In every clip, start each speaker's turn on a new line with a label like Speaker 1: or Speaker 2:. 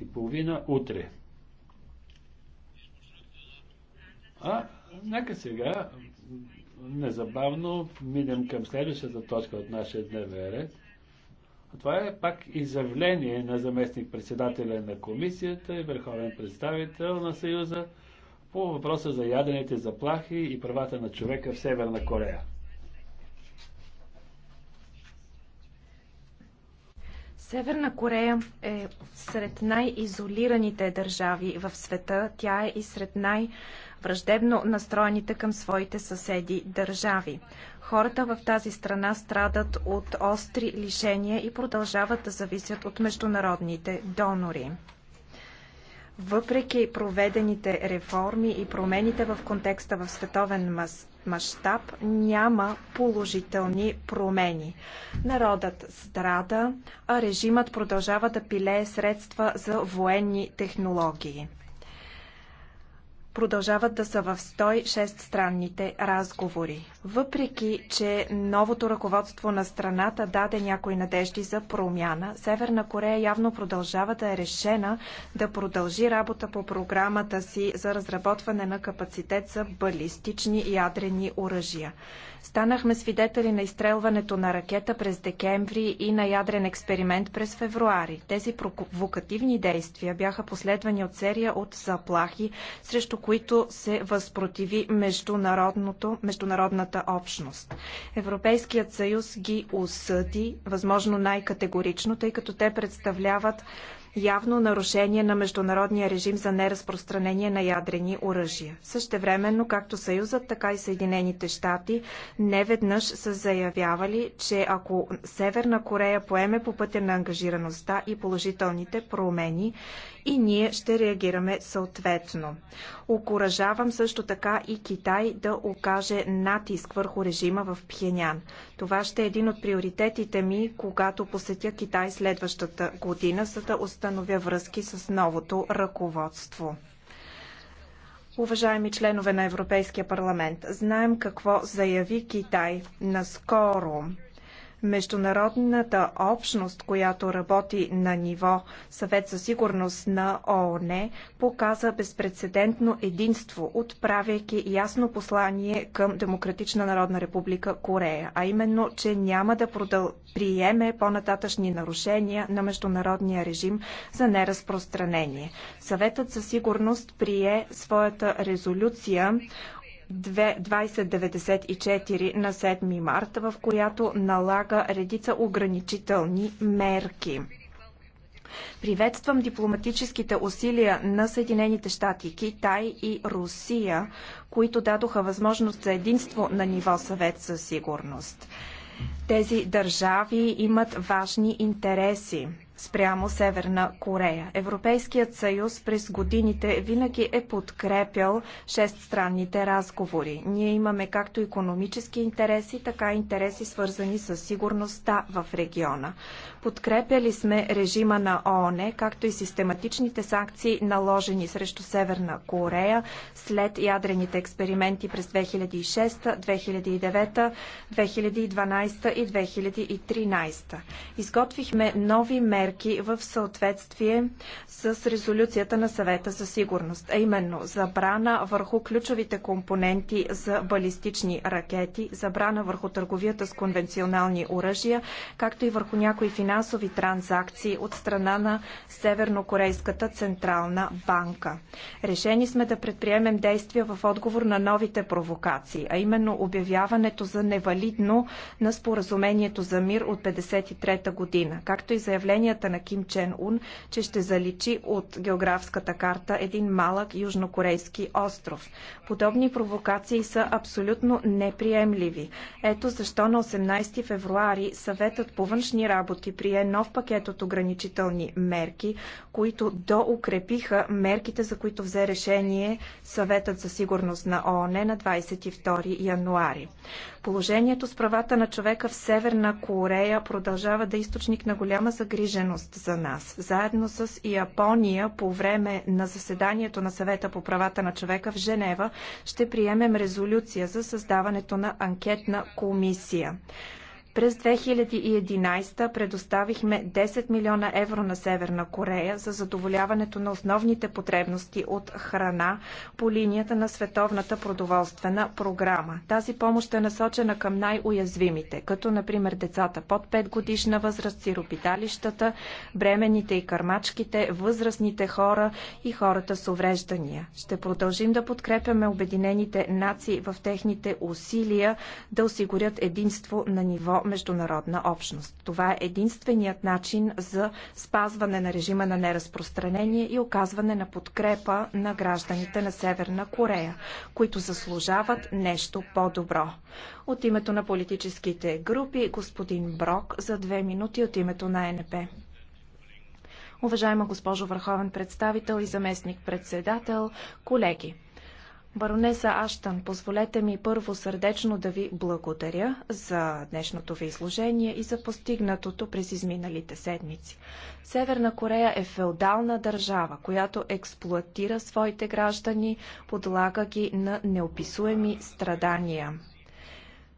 Speaker 1: И половина утре. А, нека сега незабавно минем към следващата точка от нашия дневен ред. Това е пак изявление на заместник-председателя на комисията и върховен представител на Съюза по въпроса за ядените заплахи и правата на човека в Северна Корея.
Speaker 2: Северна Корея е сред най-изолираните държави в света. Тя е и сред най-враждебно настроените към своите съседи държави. Хората в тази страна страдат от остри лишения и продължават да зависят от международните донори. Въпреки проведените реформи и промените в контекста в световен мащаб, мащаб няма положителни промени. Народът страда, а режимът продължава да пилее средства за военни технологии продължават да са в 106 странните разговори. Въпреки, че новото ръководство на страната даде някои надежди за промяна, Северна Корея явно продължава да е решена да продължи работа по програмата си за разработване на капацитет за балистични ядрени оръжия. Станахме свидетели на изстрелването на ракета през декември и на ядрен експеримент през февруари. Тези провокативни действия бяха последвани от серия от заплахи срещу които се възпротиви международната общност. Европейският съюз ги осъди, възможно най-категорично, тъй като те представляват явно нарушение на международния режим за неразпространение на ядрени оръжия. Същевременно, както Съюзът, така и Съединените щати неведнъж са заявявали, че ако Северна Корея поеме по пътя на ангажираността и положителните промени и ние ще реагираме съответно. Окоръжавам също така и Китай да окаже натиск върху режима в Пхенян. Това ще е един от приоритетите ми, когато посетя Китай следващата година, за да установя връзки с новото ръководство. Уважаеми членове на Европейския парламент, знаем какво заяви Китай наскоро. Международната общност, която работи на ниво Съвет за сигурност на ООН, показа безпредседентно единство, отправяйки ясно послание към Демократична народна република Корея, а именно, че няма да продъл... приеме по-нататъчни нарушения на международния режим за неразпространение. Съветът за сигурност прие своята резолюция 2094 на 7 марта, в която налага редица ограничителни мерки. Приветствам дипломатическите усилия на Съединените щати, Китай и Русия, които дадоха възможност за единство на ниво съвет със сигурност. Тези държави имат важни интереси спрямо Северна Корея. Европейският съюз през годините винаги е подкрепял шестстранните разговори. Ние имаме както економически интереси, така и интереси свързани с сигурността в региона. Подкрепяли сме режима на ООН, както и систематичните санкции, наложени срещу Северна Корея след ядрените експерименти през 2006, 2009, 2012 и 2013. Изготвихме нови мерки в съответствие с резолюцията на съвета за сигурност, а именно забрана върху ключовите компоненти за балистични ракети, забрана върху търговията с конвенционални оръжия, както и върху някои финансови финансови транзакции от страна на Севернокорейската централна банка. Решени сме да предприемем действия в отговор на новите провокации, а именно обявяването за невалидно на споразумението за мир от 1953 година, както и заявленията на Ким Чен Ун, че ще заличи от географската карта един малък южнокорейски остров. Подобни провокации са абсолютно неприемливи. Ето защо на 18 февруари съветът по външни работи прие нов пакет от ограничителни мерки, които доукрепиха мерките, за които взе решение съветът за сигурност на ООН на 22 януари. Положението с правата на човека в Северна Корея продължава да е източник на голяма загриженост за нас. Заедно с Япония по време на заседанието на съвета по правата на човека в Женева ще приемем резолюция за създаването на анкетна комисия. През 2011 предоставихме 10 милиона евро на Северна Корея за задоволяването на основните потребности от храна по линията на Световната продоволствена програма. Тази помощ е насочена към най-уязвимите, като например децата под 5 годишна възраст, сиропиталищата, бременните и кърмачките, възрастните хора и хората с увреждания. Ще продължим да подкрепяме Обединените нации в техните усилия да осигурят единство на ниво международна общност. Това е единственият начин за спазване на режима на неразпространение и оказване на подкрепа на гражданите на Северна Корея, които заслужават нещо по-добро. От името на политическите групи, господин Брок за две минути от името на НП. Уважаема госпожо Върховен представител и заместник председател, колеги, Баронеса Аштан, позволете ми първо сърдечно да ви благодаря за днешното ви изложение и за постигнатото през изминалите седмици. Северна Корея е феодална държава, която експлуатира своите граждани, подлага ги на неописуеми страдания.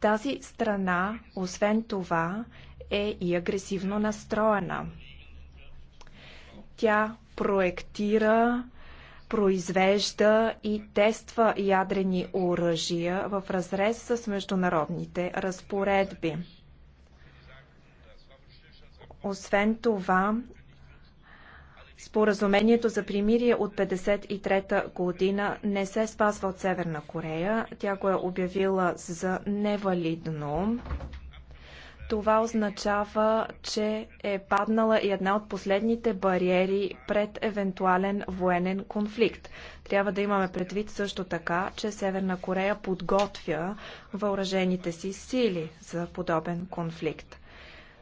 Speaker 2: Тази страна, освен това, е и агресивно настроена. Тя проектира произвежда и тества ядрени оръжия в разрез с международните разпоредби. Освен това, Споразумението за примирие от 1953-та година не се спазва от Северна Корея. Тя го е обявила за невалидно. Това означава, че е паднала и една от последните бариери пред евентуален военен конфликт. Трябва да имаме предвид също така, че Северна Корея подготвя въоръжените си сили за подобен конфликт.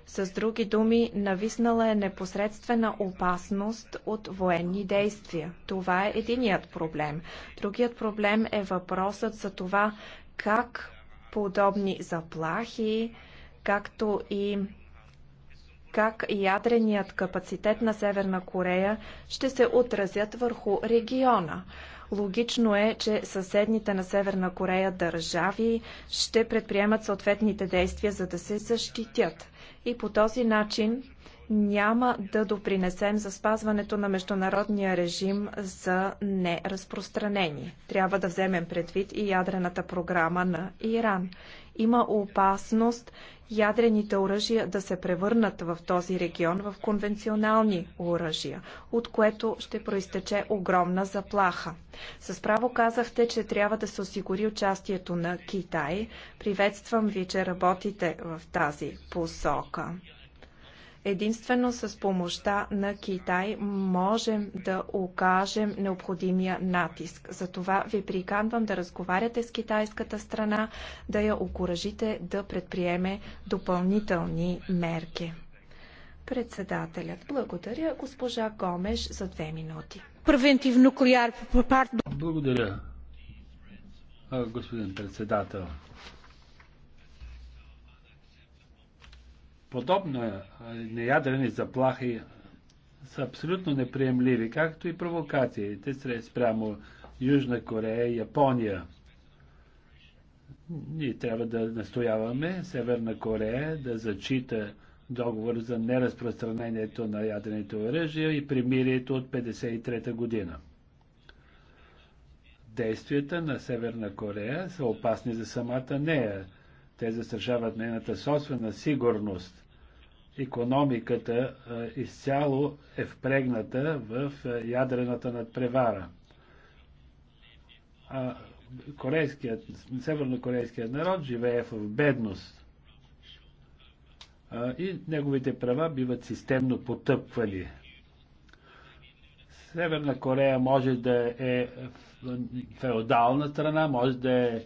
Speaker 2: С други думи, нависнала е непосредствена опасност от военни действия. Това е единият проблем. Другият проблем е въпросът за това как подобни заплахи, както и как ядреният капацитет на Северна Корея ще се отразят върху региона. Логично е, че съседните на Северна Корея държави ще предприемат съответните действия, за да се защитят. И по този начин няма да допринесем за спазването на международния режим за неразпространение. Трябва да вземем предвид и ядрената програма на Иран. Има опасност ядрените оръжия да се превърнат в този регион в конвенционални оръжия, от което ще проистече огромна заплаха. С право казахте, че трябва да се осигури участието на Китай. Приветствам ви, че работите в тази посока. Единствено с помощта на Китай можем да окажем необходимия натиск. Затова ви приканвам да разговаряте с китайската страна, да я окоръжите да предприеме допълнителни мерки. Председателят, благодаря госпожа Гомеш за две минути. Превентивно
Speaker 1: Благодаря, господин председател. подобна неядрени заплахи са абсолютно неприемливи, както и провокациите спрямо Южна Корея и Япония. Ние трябва да настояваме Северна Корея да зачита договор за неразпространението на ядрените оръжия и примирието от 1953 година. Действията на Северна Корея са опасни за самата нея. Те застрашават нейната собствена сигурност. Економиката изцяло е впрегната в ядрената надпревара. А корейският, севернокорейският народ живее в бедност и неговите права биват системно потъпвали. Северна Корея може да е феодална страна, може да е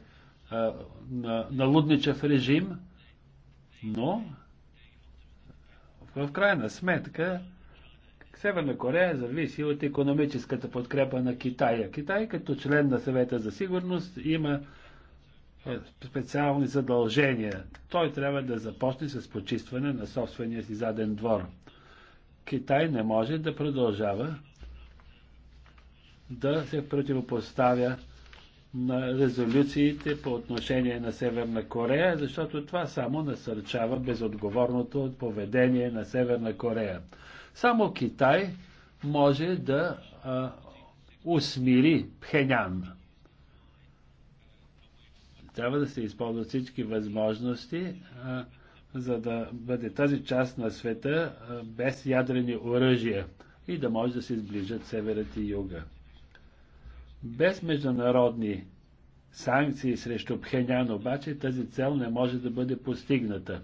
Speaker 1: на, на лудничев режим, но в крайна сметка Северна Корея зависи от економическата подкрепа на Китая. Китай като член на съвета за сигурност има е, специални задължения. Той трябва да започне с почистване на собствения си заден двор. Китай не може да продължава да се противопоставя на резолюциите по отношение на Северна Корея, защото това само насърчава безотговорното поведение на Северна Корея. Само Китай може да а, усмири Пхенян. Трябва да се използват всички възможности, а, за да бъде тази част на света а, без ядрени оръжия и да може да се сближат северът и юга. Без международни санкции срещу Пхенян обаче тази цел не може да бъде постигната.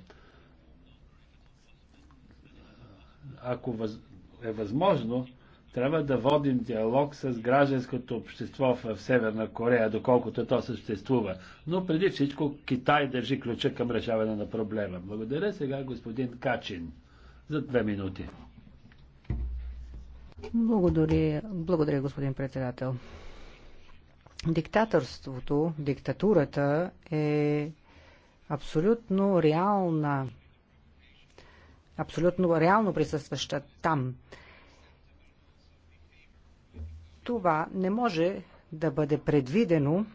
Speaker 1: Ако въз... е възможно, трябва да водим диалог с гражданското общество в Северна Корея, доколкото то съществува. Но преди всичко Китай държи ключа към решаване на проблема. Благодаря сега господин Качин за две минути.
Speaker 3: Благодаря, благодаря господин председател. Диктаторството, диктатурата е абсолютно реална, абсолютно реално присъстваща там. Това не може да бъде предвидено,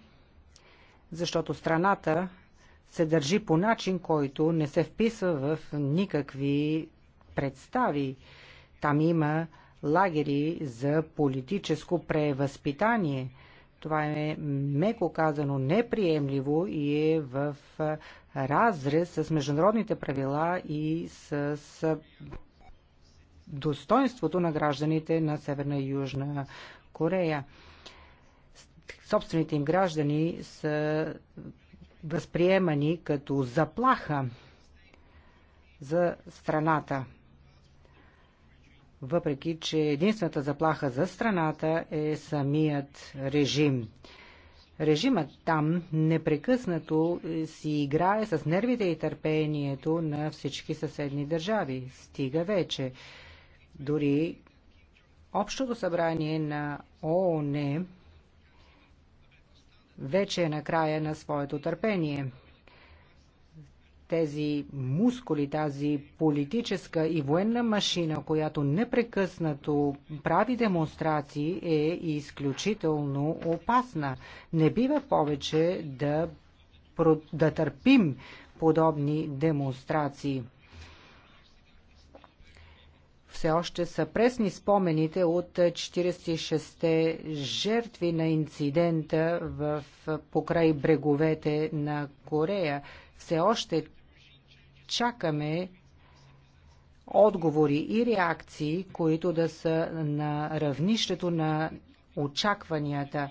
Speaker 3: защото страната се държи по начин, който не се вписва в никакви представи. Там има лагери за политическо превъзпитание – това е меко казано неприемливо и е в разрез с международните правила и с достоинството на гражданите на Северна и Южна Корея. Собствените им граждани са възприемани като заплаха за страната въпреки че единствената заплаха за страната е самият режим. Режимът там непрекъснато си играе с нервите и търпението на всички съседни държави. Стига вече. Дори Общото събрание на ООН вече е на края на своето търпение тези мускули, тази политическа и военна машина, която непрекъснато прави демонстрации, е изключително опасна. Не бива повече да, да търпим подобни демонстрации. Все още са пресни спомените от 46-те жертви на инцидента в, покрай бреговете на Корея. Все още чакаме отговори и реакции, които да са на равнището на очакванията.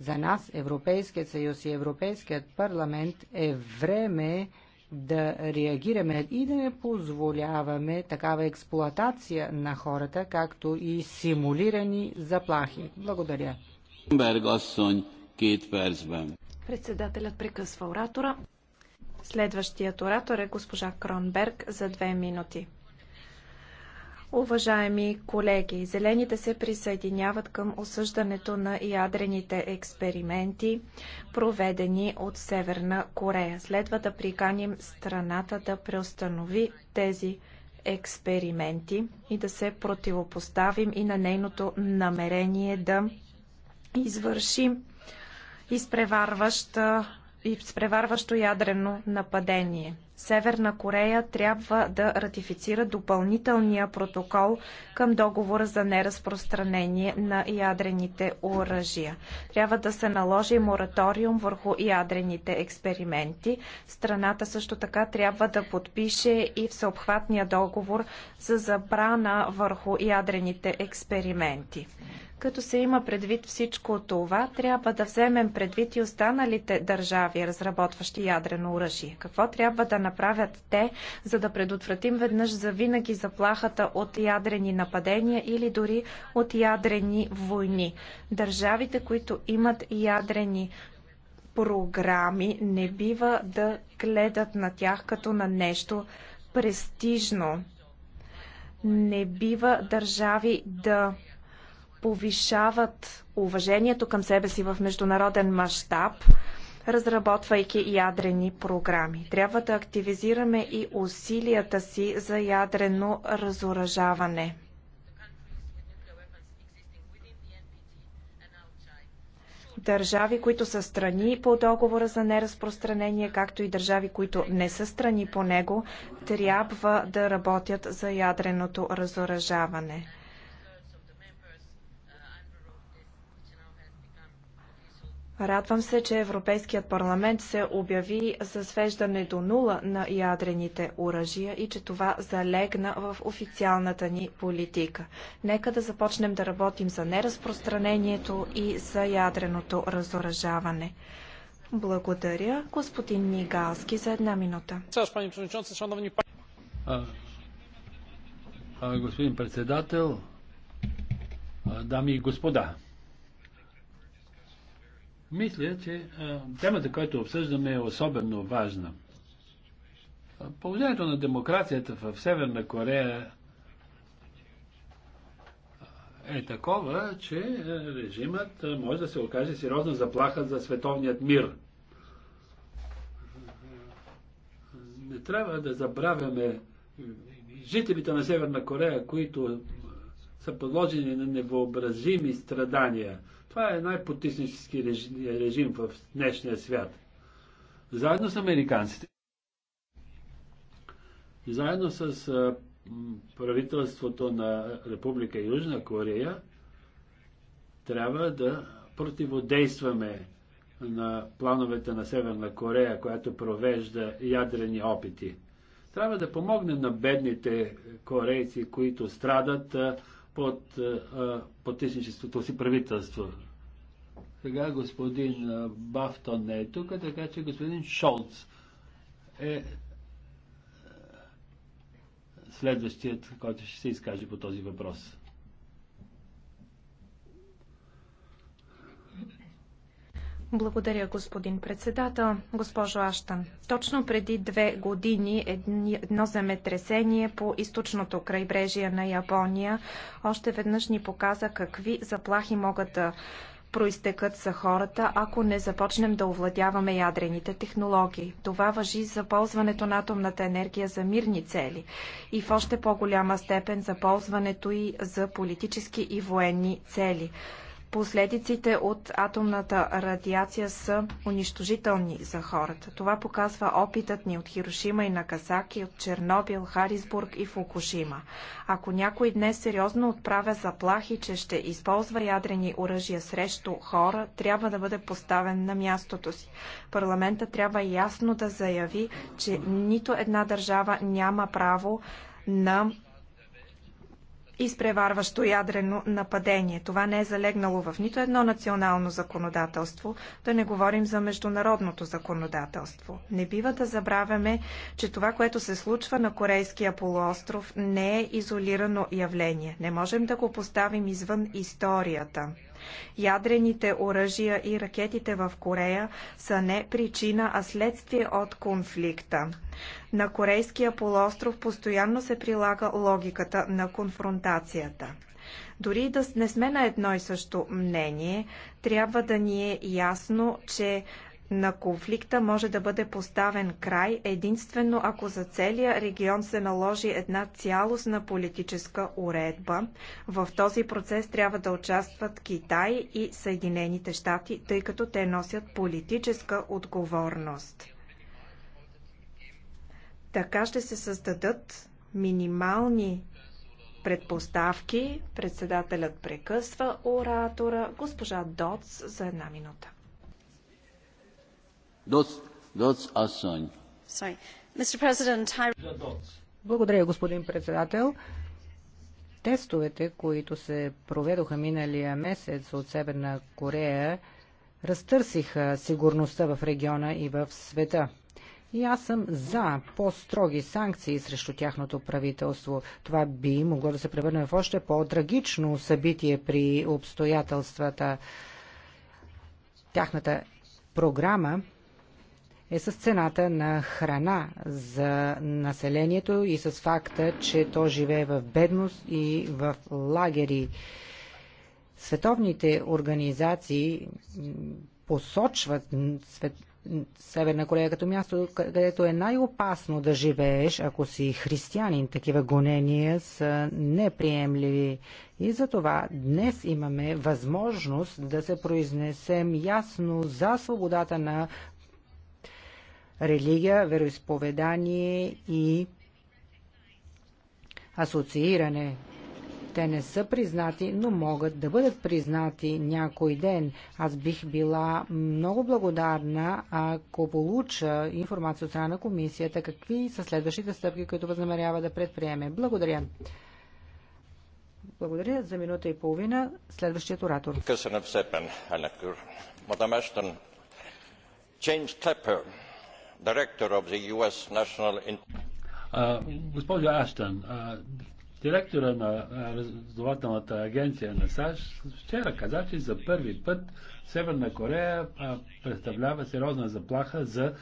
Speaker 3: За нас Европейският съюз и Европейският парламент е време да реагираме и да не позволяваме такава експлоатация на хората, както и симулирани заплахи.
Speaker 2: Благодаря. Председателят прекъсва оратора. Следващият оратор е госпожа Кронберг за две минути. Уважаеми колеги, зелените се присъединяват към осъждането на ядрените експерименти, проведени от Северна Корея. Следва да приканим страната да преустанови тези експерименти и да се противопоставим и на нейното намерение да извърши изпреварваща и с преварващо ядрено нападение. Северна Корея трябва да ратифицира допълнителния протокол към договора за неразпространение на ядрените оръжия. Трябва да се наложи мораториум върху ядрените експерименти. Страната също така трябва да подпише и всеобхватния договор за забрана върху ядрените експерименти. Като се има предвид всичко това, трябва да вземем предвид и останалите държави, разработващи ядрено оръжие. Какво трябва да направим? направят те, за да предотвратим веднъж завинаги заплахата от ядрени нападения или дори от ядрени войни. Държавите, които имат ядрени програми, не бива да гледат на тях като на нещо престижно. Не бива държави да повишават уважението към себе си в международен мащаб, разработвайки ядрени програми. Трябва да активизираме и усилията си за ядрено разоръжаване. държави, които са страни по договора за неразпространение, както и държави, които не са страни по него, трябва да работят за ядреното разоръжаване. Радвам се, че Европейският парламент се обяви за свеждане до нула на ядрените оръжия и че това залегна в официалната ни политика. Нека да започнем да работим за неразпространението и за ядреното разоръжаване. Благодаря, господин Мигалски, за една минута.
Speaker 1: господин председател, дами и господа, мисля, че темата, която обсъждаме, е особено важна. Положението на демокрацията в Северна Корея е такова, че режимът може да се окаже сериозна заплаха за световният мир. Не трябва да забравяме жителите на Северна Корея, които са подложени на невообразими страдания – това е най-потиснически режим в днешния свят. Заедно с американците, заедно с правителството на Република Южна Корея, трябва да противодействаме на плановете на Северна Корея, която провежда ядрени опити. Трябва да помогне на бедните корейци, които страдат под потисничеството си правителство. Сега господин Бафтон не е тук, така че господин Шолц е следващият, който ще се изкаже по този въпрос.
Speaker 2: Благодаря, господин председател. Госпожо Аштан, точно преди две години едно земетресение по източното крайбрежие на Япония още веднъж ни показа какви заплахи могат да проистекат за хората, ако не започнем да овладяваме ядрените технологии. Това въжи за ползването на атомната енергия за мирни цели и в още по-голяма степен за ползването и за политически и военни цели. Последиците от атомната радиация са унищожителни за хората. Това показва опитът ни от Хирошима и Нагасаки, от Чернобил, Харисбург и Фукушима. Ако някой днес сериозно отправя заплахи, че ще използва ядрени оръжия срещу хора, трябва да бъде поставен на мястото си. Парламента трябва ясно да заяви, че нито една държава няма право на изпреварващо ядрено нападение. Това не е залегнало в нито едно национално законодателство, да не говорим за международното законодателство. Не бива да забравяме, че това, което се случва на Корейския полуостров, не е изолирано явление. Не можем да го поставим извън историята. Ядрените оръжия и ракетите в Корея са не причина, а следствие от конфликта. На Корейския полуостров постоянно се прилага логиката на конфронтацията. Дори да не сме на едно и също мнение, трябва да ни е ясно, че на конфликта може да бъде поставен край единствено ако за целия регион се наложи една цялостна политическа уредба. В този процес трябва да участват Китай и Съединените щати, тъй като те носят политическа отговорност. Така ще се създадат минимални предпоставки. Председателят прекъсва оратора. Госпожа Доц за една минута. Благодаря,
Speaker 3: господин председател. Тестовете, които се проведоха миналия месец от Северна Корея, разтърсиха сигурността в региона и в света. И аз съм за по-строги санкции срещу тяхното правителство. Това би могло да се превърне в още по-трагично събитие при обстоятелствата. Тяхната програма е с цената на храна за населението и с факта, че то живее в бедност и в лагери. Световните организации посочват свет... Северна Корея като място, където е най-опасно да живееш, ако си християнин. Такива гонения са неприемливи. И затова днес имаме възможност да се произнесем ясно за свободата на религия, вероисповедание и асоцииране. Те не са признати, но могат да бъдат признати някой ден. Аз бих била много благодарна, ако получа информация от страна на комисията, какви са следващите стъпки, които възнамерява да предприеме. Благодаря. Благодаря за минута и половина.
Speaker 2: Следващият
Speaker 1: оратор.
Speaker 4: Благодаря director of the US National
Speaker 1: Госпожо Аштън, директора на разузнавателната агенция на САЩ вчера каза, че за първи път Северна Корея представлява сериозна заплаха за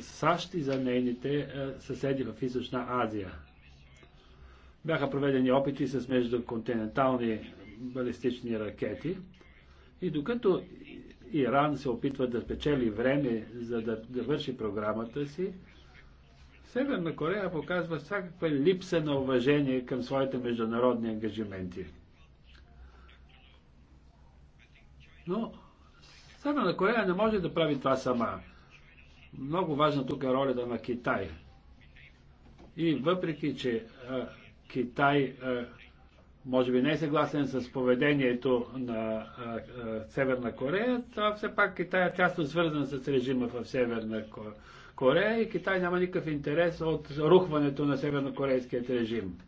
Speaker 1: САЩ и за нейните съседи в Източна Азия. Бяха проведени опити с междуконтинентални балистични ракети и докато Иран се опитва да спечели време, за да, да върши програмата си, Северна Корея показва всякаква липса на уважение към своите международни ангажименти. Но Северна Корея не може да прави това сама. Много важна тук е ролята на Китай. И въпреки, че а, Китай а, може би не е съгласен с поведението на а, а, Северна Корея, това все пак Китай е тясно свързан с режима в Северна Корея и Китай няма никакъв интерес от рухването на севернокорейският режим.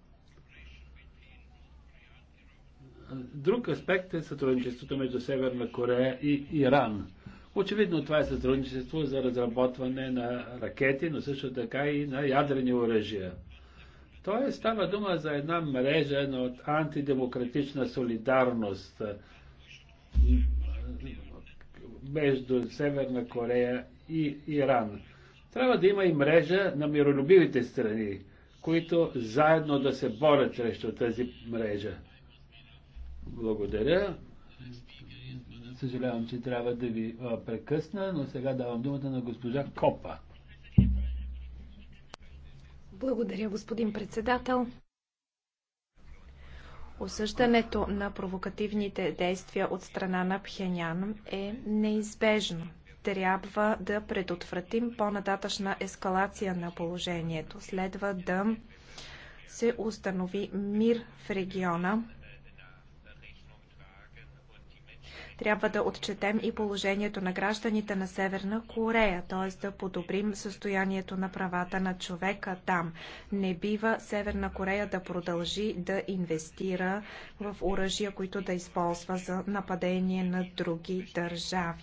Speaker 1: Друг аспект е сътрудничеството между Северна Корея и Иран. Очевидно това е сътрудничество за разработване на ракети, но също така и на ядрени оръжия. Той става дума за една мрежа на антидемократична солидарност между Северна Корея и Иран. Трябва да има и мрежа на миролюбивите страни, които заедно да се борят срещу тази мрежа. Благодаря. Съжалявам, че трябва да ви прекъсна, но сега давам думата на госпожа Копа.
Speaker 2: Благодаря, господин председател. Осъждането на провокативните действия от страна на Пхенян е неизбежно. Трябва да предотвратим по-нататъчна ескалация на положението. Следва да се установи мир в региона Трябва да отчетем и положението на гражданите на Северна Корея, т.е. да подобрим състоянието на правата на човека там. Не бива Северна Корея да продължи да инвестира в оръжия, които да използва за нападение на други държави.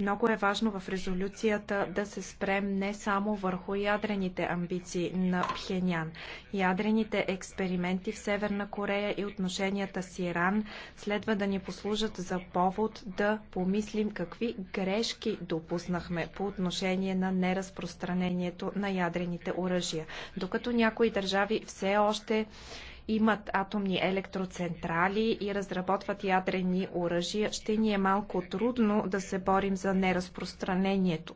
Speaker 2: Много е важно в резолюцията да се спрем не само върху ядрените амбиции на Пхенян. Ядрените експерименти в Северна Корея и отношенията с Иран следва да ни послужат за повод да помислим какви грешки допуснахме по отношение на неразпространението на ядрените оръжия. Докато някои държави все още имат атомни електроцентрали и разработват ядрени оръжия, ще ни е малко трудно да се борим за неразпространението.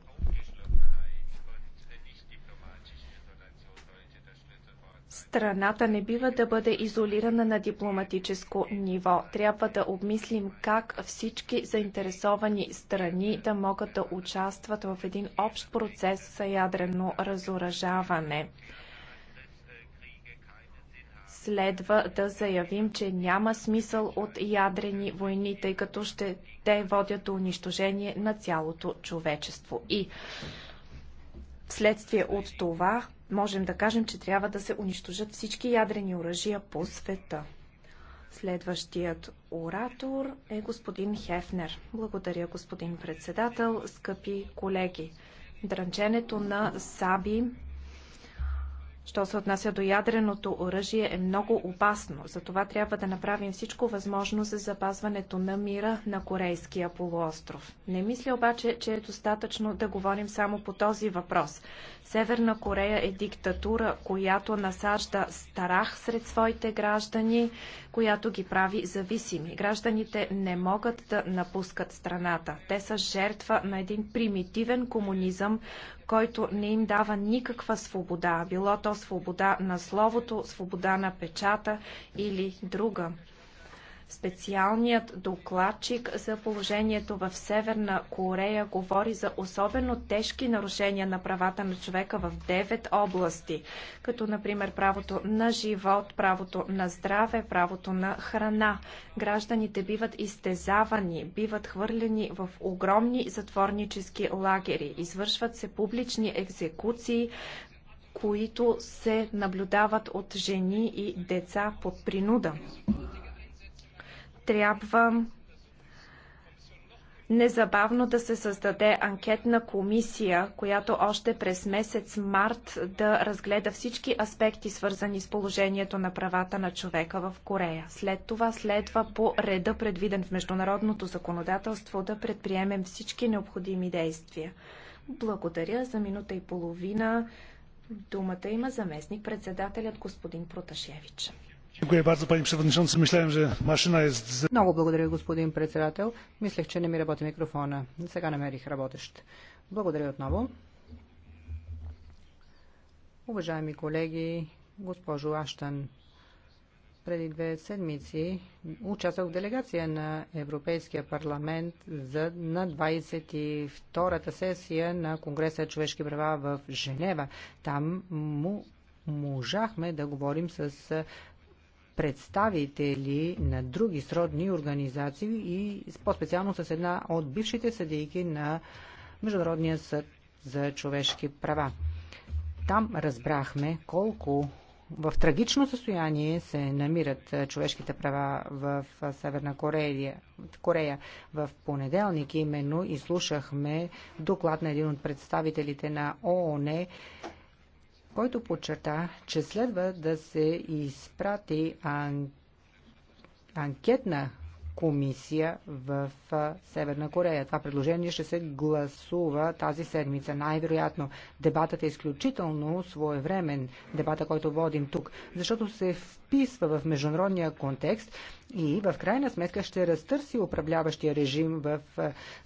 Speaker 2: Страната не бива да бъде изолирана на дипломатическо ниво. Трябва да обмислим как всички заинтересовани страни да могат да участват в един общ процес за ядрено разоръжаване следва да заявим, че няма смисъл от ядрени войни, тъй като ще те водят до унищожение на цялото човечество. И вследствие от това можем да кажем, че трябва да се унищожат всички ядрени оръжия по света. Следващият оратор е господин Хефнер. Благодаря, господин председател, скъпи колеги. Дрънченето на саби що се отнася до ядреното оръжие, е много опасно. Затова трябва да направим всичко възможно за запазването на мира на Корейския полуостров. Не мисля обаче, че е достатъчно да говорим само по този въпрос. Северна Корея е диктатура, която насажда старах сред своите граждани, която ги прави зависими. Гражданите не могат да напускат страната. Те са жертва на един примитивен комунизъм, който не им дава никаква свобода, било то свобода на словото, свобода на печата или друга. Специалният докладчик за положението в Северна Корея говори за особено тежки нарушения на правата на човека в девет области, като например правото на живот, правото на здраве, правото на храна. Гражданите биват изтезавани, биват хвърлени в огромни затворнически лагери, извършват се публични екзекуции, които се наблюдават от жени и деца под принуда трябва незабавно да се създаде анкетна комисия, която още през месец март да разгледа всички аспекти, свързани с положението на правата на човека в Корея. След това следва по реда, предвиден в международното законодателство, да предприемем всички необходими действия. Благодаря за минута и половина. Думата има заместник председателят господин Проташевич.
Speaker 3: Много благодаря, господин председател. Мислех, че не ми работи микрофона. Сега намерих работещ. Благодаря отново. Уважаеми колеги, госпожо Аштан, преди две седмици участвах в делегация на Европейския парламент за, на 22-та сесия на Конгреса човешки права в Женева. Там му можахме да говорим с представители на други сродни организации и по-специално с една от бившите съдейки на Международния съд за човешки права. Там разбрахме колко в трагично състояние се намират човешките права в Северна Корея. Корея. В понеделник именно изслушахме доклад на един от представителите на ООН който подчерта, че следва да се изпрати ан... анкетна комисия в Северна Корея. Това предложение ще се гласува тази седмица. Най-вероятно дебатът е изключително своевремен, дебата, който водим тук, защото се в вписва в международния контекст и в крайна сметка ще разтърси управляващия режим в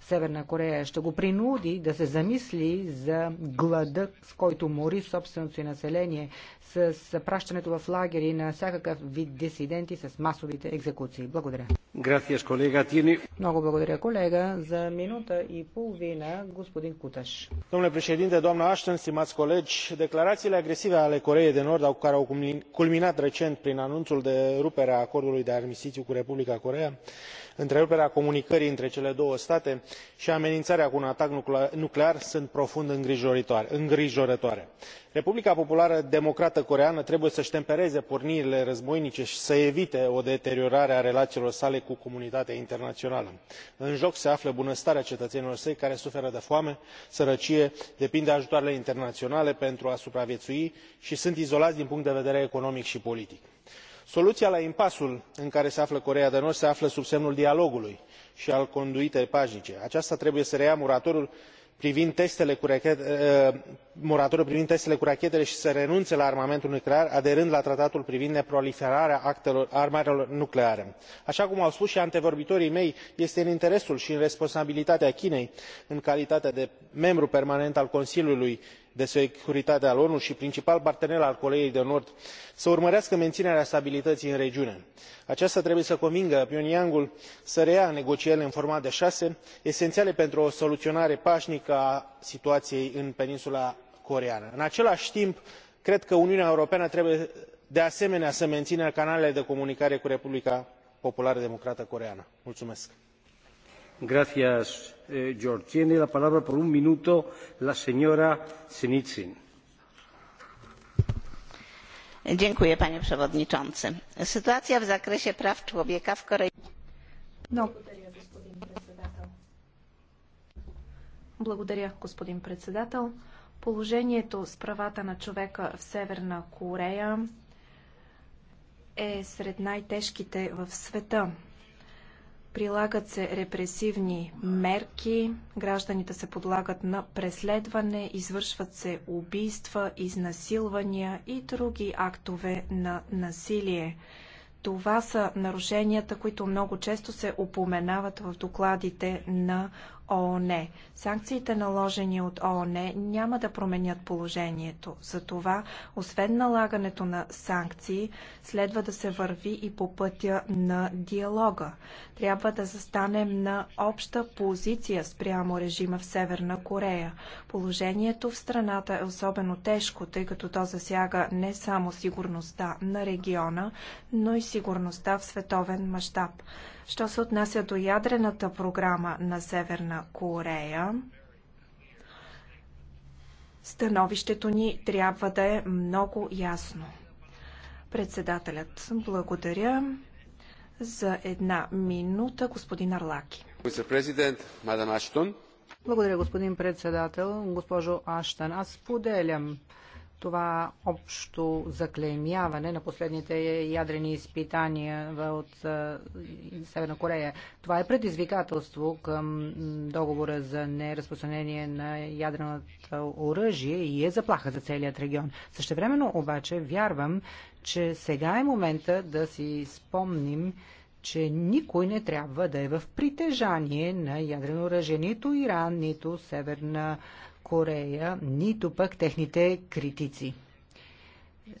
Speaker 3: Северна Корея. Ще го принуди да се замисли за глада, с който мори собственото си население, с пращането в лагери на всякакъв вид дисиденти с масовите екзекуции. Благодаря.
Speaker 4: Gracias, колега Тини.
Speaker 3: Много благодаря, колега. За минута и половина господин Куташ.
Speaker 4: Domnule președinte, doamna Ashton, stimați colegi, declarațiile agresive ale Coreei de Nord, care au culminat recent prin prin anunul de rupere a acordului de armistiiu cu republica coreea întreruperea comunicării între cele două state i ameninarea cu un atac nuclear sunt profund îngrijorătoare. republica populară democrată coreeană trebuie să îi tempereze pornirile războinice i să evite o deteriorare a relaiilor sale cu comunitatea internaională. în joc se află bunăstarea cetăenilor săi care suferă de foame sărăcie depind de ajutoarele internaionale pentru a supravieui i sunt izolai din punct de vedere economic i politic soluia la impasul în care se află coreea de nord se află sub semnul dialogului i al conduitei panice. aceasta trebuie să reia moratoriul privind testele cu rachetele i să renune la armamentul nuclear aderând la tratatul privind neproliferarea armelor nucleare. aa cum au spus i antevorbitorii mei este în interesul i în responsabilitatea chinei în calitate de membru permanent al consiliului de securitate al onu i principal partener al coreei de nord să urmărească meninerea stabilităii în regiune. aceasta trebuie să convingă pyongyangul să reia negocierile în format de ase eseniale pentru o soluionare panică a situaiei în peninsula coreeană. în acelai timp cred că uniunea europeană trebuie de asemenea să menină canalele de comunicare cu republica populară democrată coreeană. Eh,
Speaker 3: panie
Speaker 2: przewodniczący! sytuacja w zakresie praw człowieka w korei Благодаря, господин председател. Положението с правата на човека в Северна Корея е сред най-тежките в света прилагат се репресивни мерки, гражданите се подлагат на преследване, извършват се убийства, изнасилвания и други актове на насилие. Това са нарушенията, които много често се упоменават в докладите на ООН. Санкциите наложени от ООН няма да променят положението. Затова, освен налагането на санкции, следва да се върви и по пътя на диалога. Трябва да застанем на обща позиция спрямо режима в Северна Корея. Положението в страната е особено тежко, тъй като то засяга не само сигурността на региона, но и сигурността в световен мащаб. Що се отнася до ядрената програма на Северна Корея, становището ни трябва да е много ясно. Председателят, благодаря за една минута, господин Арлаки. Благодаря, господин председател. Госпожо Аштан,
Speaker 3: аз поделям това общо заклеймяване на последните ядрени изпитания от Северна Корея. Това е предизвикателство към договора за неразпространение на ядреното оръжие и е заплаха за целият регион. Същевременно обаче вярвам, че сега е момента да си спомним, че никой не трябва да е в притежание на ядрено оръжие, нито Иран, нито Северна Корея, нито пък техните критици.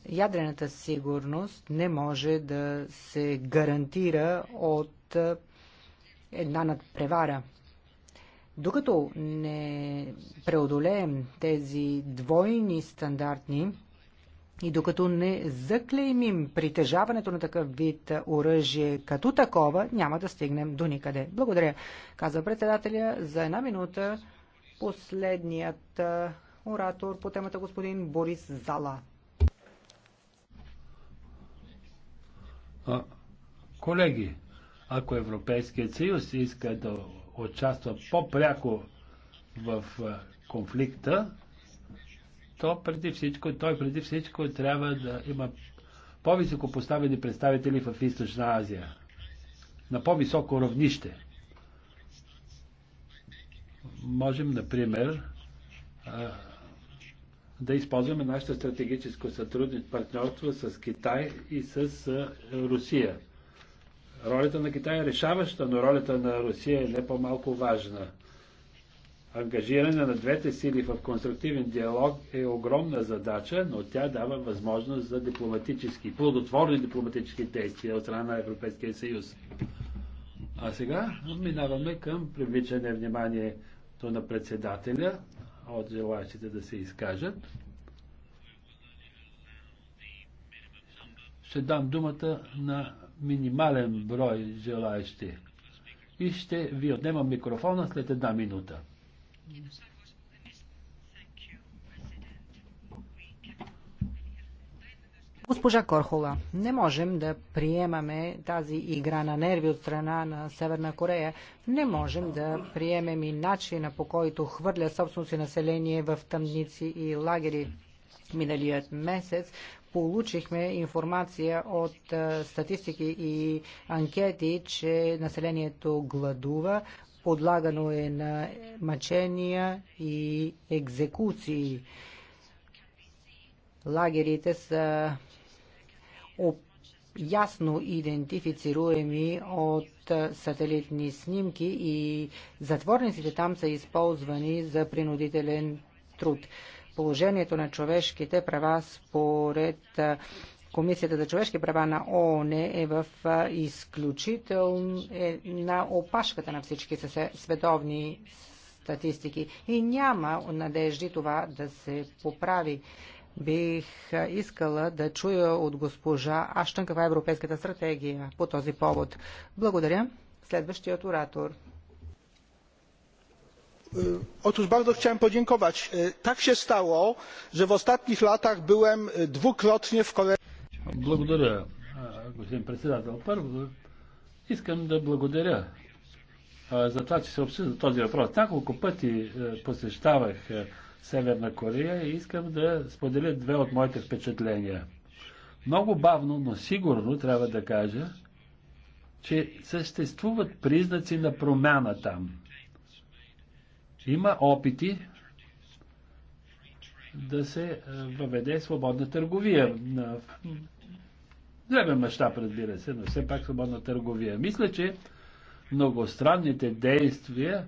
Speaker 3: Ядрената сигурност не може да се гарантира от една надпревара. Докато не преодолеем тези двойни стандартни и докато не заклеймим притежаването на такъв вид оръжие като такова, няма да стигнем до никъде. Благодаря, каза председателя. За една минута Последният оратор по темата господин Борис Зала.
Speaker 1: Колеги, ако Европейският съюз иска да участва по-пряко в конфликта, то преди всичко, той преди всичко трябва да има по-високо поставени представители в Източна Азия, на по-високо равнище можем, например, да използваме нашето стратегическо сътрудничество, партньорство с Китай и с Русия. Ролята на Китай е решаваща, но ролята на Русия е не по-малко важна. Ангажиране на двете сили в конструктивен диалог е огромна задача, но тя дава възможност за дипломатически, плодотворни дипломатически действия от страна на Европейския съюз. А сега минаваме към привличане внимание на председателя от желаящите да се изкажат. Ще дам думата на минимален брой желаящи и ще ви отнемам микрофона след една минута. Госпожа Корхола, не
Speaker 3: можем да приемаме тази игра на нерви от страна на Северна Корея. Не можем да приемем и начина по който хвърля собственото си население в тъмници и лагери. Миналият месец получихме информация от статистики и анкети, че населението гладува, подлагано е на мъчения и екзекуции лагерите са ясно идентифицируеми от сателитни снимки и затворниците там са използвани за принудителен труд. Положението на човешките права според Комисията за човешки права на ООН е в изключително е на опашката на всички световни статистики и няма надежди това да се поправи. Бих искала да чуя от госпожа Аштън каква е европейската стратегия по този повод. Благодаря. Следващият оратор.
Speaker 4: Otóż е, bardzo chciałem podziękować. Е, tak się stało, że w ostatnich latach byłem e, dwukrotnie w Korei.
Speaker 1: Благодаря, господин председател. Първо, искам да благодаря за това, че се обсъжда този въпрос. Няколко пъти е, посещавах Северна Корея и искам да споделя две от моите впечатления. Много бавно, но сигурно трябва да кажа, че съществуват признаци на промяна там. Има опити да се е, въведе свободна търговия. На дребен мащаб, разбира се, но все пак свободна търговия. Мисля, че многостранните действия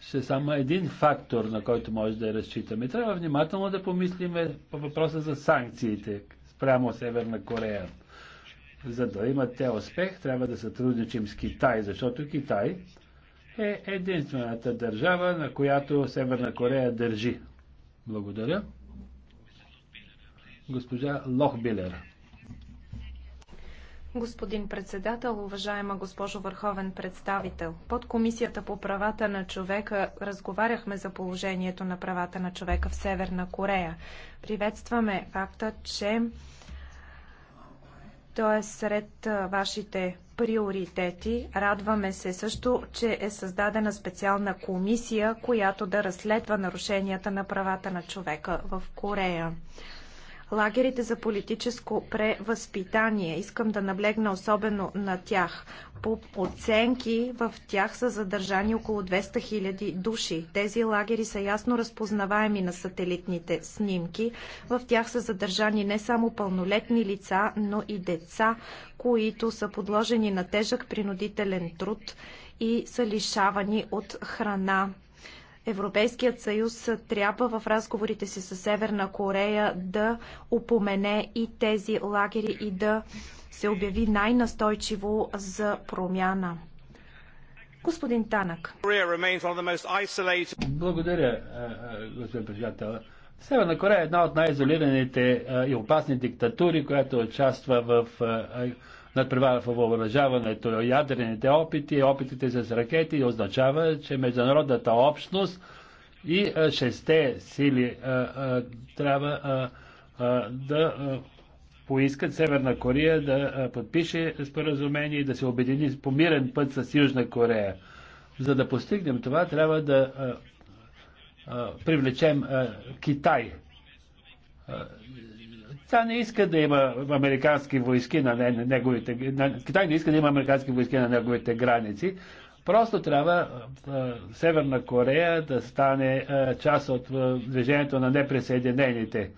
Speaker 1: ще само един фактор, на който може да я разчитаме. Трябва внимателно да помислиме по въпроса за санкциите спрямо Северна Корея. За да имат те успех, трябва да сътрудничим с Китай, защото Китай е единствената държава, на която Северна Корея държи. Благодаря. Госпожа Лохбилер.
Speaker 2: Господин председател, уважаема госпожо върховен представител, под Комисията по правата на човека разговаряхме за положението на правата на човека в Северна Корея. Приветстваме факта, че той е сред вашите приоритети. Радваме се също, че е създадена специална комисия, която да разследва нарушенията на правата на човека в Корея лагерите за политическо превъзпитание. Искам да наблегна особено на тях. По оценки в тях са задържани около 200 000 души. Тези лагери са ясно разпознаваеми на сателитните снимки. В тях са задържани не само пълнолетни лица, но и деца, които са подложени на тежък принудителен труд и са лишавани от храна. Европейският съюз трябва в разговорите си с Северна Корея да упомене и тези лагери и да се обяви най-настойчиво за промяна. Господин Танък.
Speaker 1: Благодаря, господин председател. Северна Корея е една от най-изолираните и опасни диктатури, която участва в надпревара в въоръжаването, ядрените опити, опитите с ракети означава, че международната общност и шесте сили трябва да поискат Северна Корея да подпише споразумение и да се обедини по мирен път с Южна Корея. За да постигнем това, трябва да привлечем Китай. Тя не иска да има американски войски на неговите... На, Китай не иска да има американски войски на неговите граници. Просто трябва а, Северна Корея да стане а, част от а, движението на неприсъединените.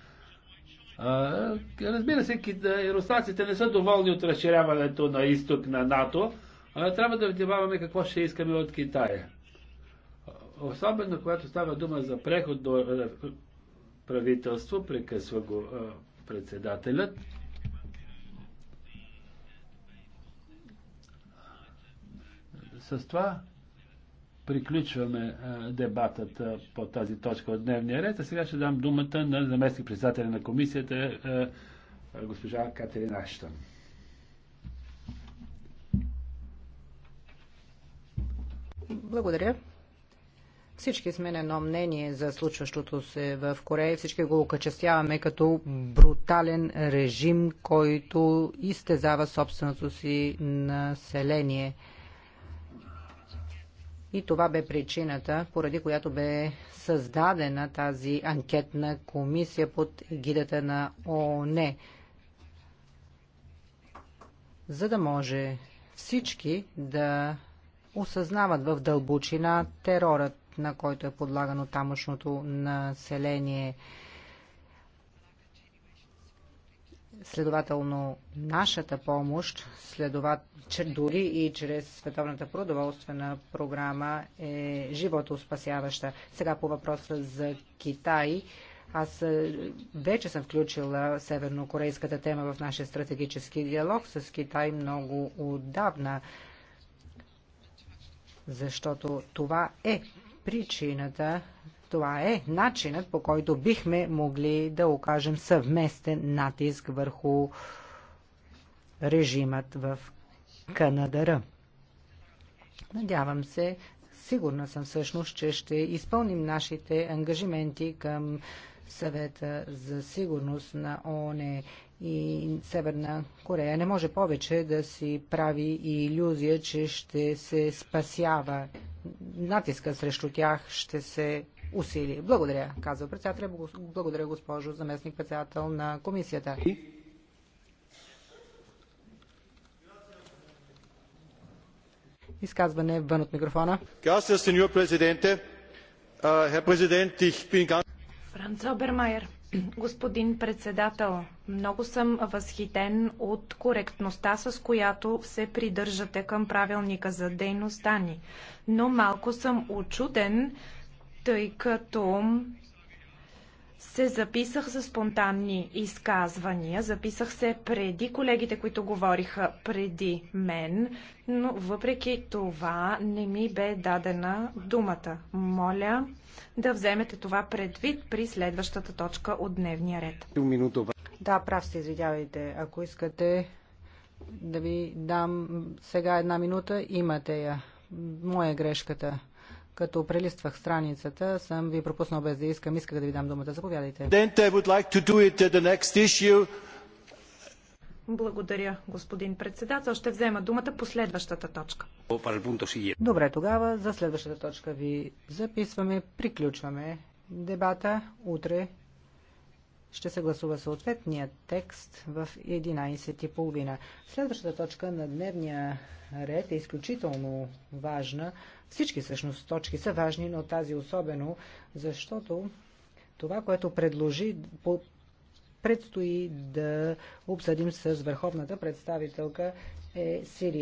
Speaker 1: А, разбира се, руснаците не са доволни от разширяването на изток на НАТО. А, трябва да внимаваме какво ще искаме от Китая. Особено когато става дума за преход до правителство, прекъсва го председателят. С това приключваме е, дебатата по тази точка от дневния ред. А сега ще дам думата на заместник председателя на комисията е, е, госпожа Катерина Аштън.
Speaker 3: Благодаря. Всички сме на едно мнение за случващото се в Корея. Всички го окачествяваме като брутален режим, който изтезава собственото си население. И това бе причината, поради която бе създадена тази анкетна комисия под гидата на ООН. За да може всички да осъзнават в дълбочина терорът на който е подлагано тамошното население. Следователно, нашата помощ, следоват, дори и чрез Световната продоволствена програма, е животоспасяваща. Сега по въпроса за Китай. Аз е, вече съм включила севернокорейската тема в нашия стратегически диалог с Китай много отдавна, защото това е причината, това е начинът по който бихме могли да окажем съвместен натиск върху режимът в Канадара. Надявам се, сигурна съм всъщност, че ще изпълним нашите ангажименти към съвета за сигурност на ООН и Северна Корея. Не може повече да си прави иллюзия, че ще се спасява натиска срещу тях ще се усили. Благодаря, казва председателя. Благодаря, госпожо заместник председател на комисията. Изказване вън от микрофона.
Speaker 4: Ah,
Speaker 2: Франц Обермайер. Господин председател, много съм възхитен от коректността, с която се придържате към правилника за дейността ни. Но малко съм очуден, тъй като се записах за спонтанни изказвания. Записах се преди колегите, които говориха преди мен, но въпреки това не ми бе дадена думата. Моля да вземете това предвид при следващата точка от дневния ред. Да, прав сте, извинявайте. Ако искате
Speaker 3: да ви дам сега една минута, имате я. Моя е грешката. Като прелиствах страницата, съм ви пропуснал без да искам. Исках да ви дам думата.
Speaker 4: Заповядайте.
Speaker 2: Благодаря, господин председател. Ще взема думата по следващата точка.
Speaker 4: Добре, тогава
Speaker 3: за следващата точка ви записваме, приключваме дебата. Утре ще се гласува съответния текст в 11.30. Следващата точка на дневния ред е изключително важна, всички всъщност точки са важни, но тази особено, защото това, което предложи, предстои да обсъдим с върховната представителка е Сирия.